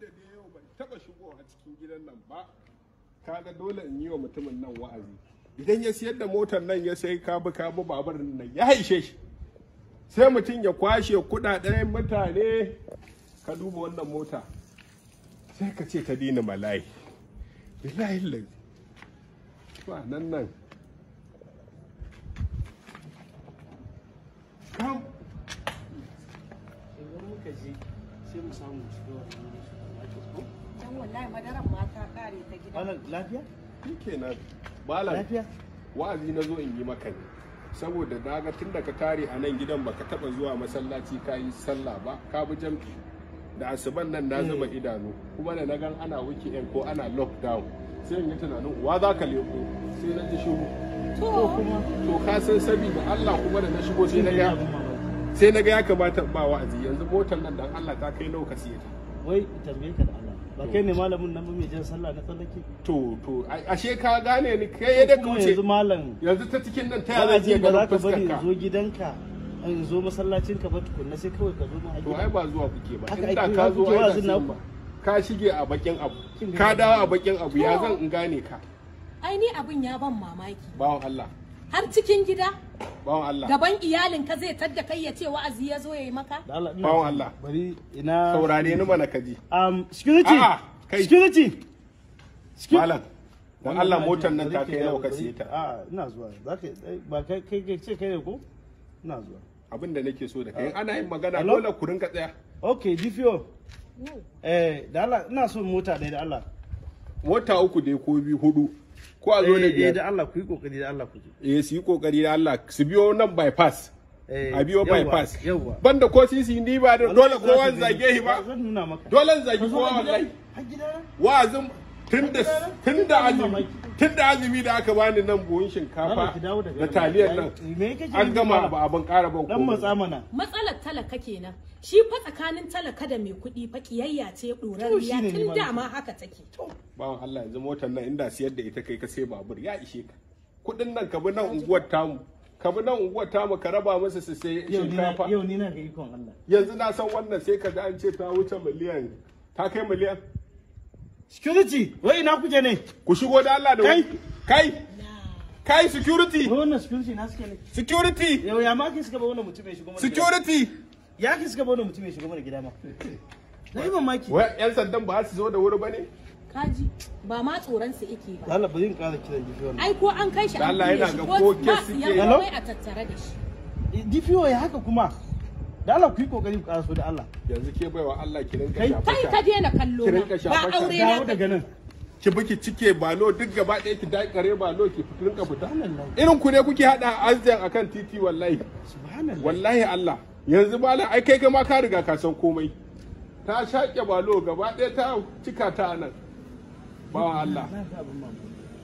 duk da yau ban taba shigo a cikin gidan nan ba kaga dole in yi wa mutumin nan wa'azi idan ya siyar da motar nan ya sai kabu kabu babur nan ya haishe shi sai mutum ya kwashe kudaden mutane ka duba wannan mota sai ka ce ta dina mala'i billahi lazi ba nan nan sai mu samu dan wallahi madaran ma ta kare ta gida lafiya kike na lafiya wa'azi na zo in yi maka ne saboda na ga tun ka tare a nan gidan baka taba zuwa masallaci ka yi sallah ba ka bi da asuban nan na zuba eh. idanu kuma da na gan ana weekend ko ana lockdown sai in yi tunanin uwa za ka leko sai na ji shiru to kuma to ka san sabi da Allah kuma da na shigo sai na ga sai na ga ya kamata ba wa'azi yanzu motar nan dan Allah ta kai nawa ka siye ta wai tambaye ka da Allah ba kai ne malamin nan mai jan sallah na tsallake to to ashe ka gane ni kai ya da wuce yanzu malam yanzu ta cikin nan ta yi ji ga za ka bari zo gidanka in zo masallacin ka ba tukunna sai kawai ka zo ma to ai ba zuwa kuke ba inda ka zo ai ba ka shige a bakin abu ka dawo a bakin abu ya zan in gane ka ai ni abin ya ban mamaki bawan Allah har cikin gida gaban iyalin ka zai tadda kai ya ce wa'azi ya zo ya yi maka bawon Allah bari ina saurare ni mana kaji um security security malam dan Allah motar nan ta kai nawa ka ta a ina zuwa zaka ba kai kai ce kai ne ko ina zuwa abin da nake so da kai ana yin magana dole ku rinka tsaya okay difio eh da Allah ina so mota ne da Allah mota uku dai ko biyu hudu ko a zo da eh, eh, biyar da Allah ku yi kokari da Allah ku eh su yi kokari da Allah su biyo nan bypass eh, a biyo bypass banda ko sisi ni ba dole kowa zage shi ba dole zage kowa wallahi wa'azin tunda tunda azumi tun da azumi da aka bani nan buhun shinkafa da taliyar nan an gama ba abin ƙara ban dan matsa mana matsalar talaka kenan shi fa tsakanin talaka da mai kuɗi fa kiyayya ce ɗorarriya tun dama haka take bawan Allah yanzu motar nan inda siyar da ita kai ka sai babur ya ishe ka kuɗin nan ka bi nan unguwar tamu ka bi nan unguwar tamu ka raba masa su sai shinkafa yau ni na ga ikon Allah yanzu na san wannan sai ka da an ce ta wuce miliyan ta kai miliyan Security, wai ina kuje ne? Ku shigo da Allah da kai. Kai. Kai security. Wannan security na suke ne. Security. Yau ya ma ki suka ba wannan mutum ya shigo mana. Security. Ya ki suka ba wannan mutum ya shigo mana gida ma. Na yi mamaki. Wai yan sandan ba su zo da wuri ba Kaji ba ma tsoron su yake ba. Allah ba zan ƙara kiran gifi wannan. Ai ko an kai shi Allah kai shi ko ba su yawa a tattare da shi. Gifiyo ya haka kuma. da Allah ku yi kokari ku karaso da Allah yanzu ke baiwa Allah ki rinka shafa kai ka daina kallo ba aure na daga nan ki biki cike lo duk gaba ɗaya ki ba lo ki rinka fita irin ku ne kuke hada azan akan titi wallahi wallahi Allah yanzu malam ai kai ma ka riga ka san komai ta shaƙe lo gaba ɗaya ta cika ta nan ba Allah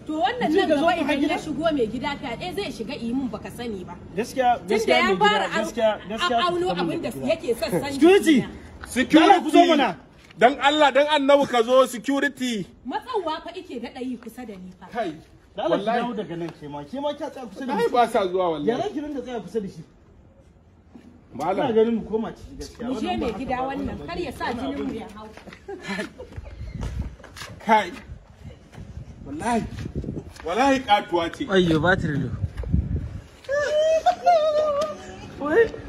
to wannan nan gaba idan ya shigo mai gida fyaɗe zai shiga imin baka sani ba gaskiya gaskiya mai gida gaskiya gaskiya abin da yake sassan security security ku zo mana dan Allah dan annabi ka zo security matsawa fa ike ga ɗayi kusa da ni fa kai da Allah ki dawo daga nan ke ma ke ma ki tsaya kusa da shi ba sa zuwa wallahi yaran ki da tsaya kusa da shi malam ina ganin mu koma ciki gaskiya mu je mai gida wannan kar ya sa jinin mu ya hau kai wallahi katuwa ce ayyo batiri lo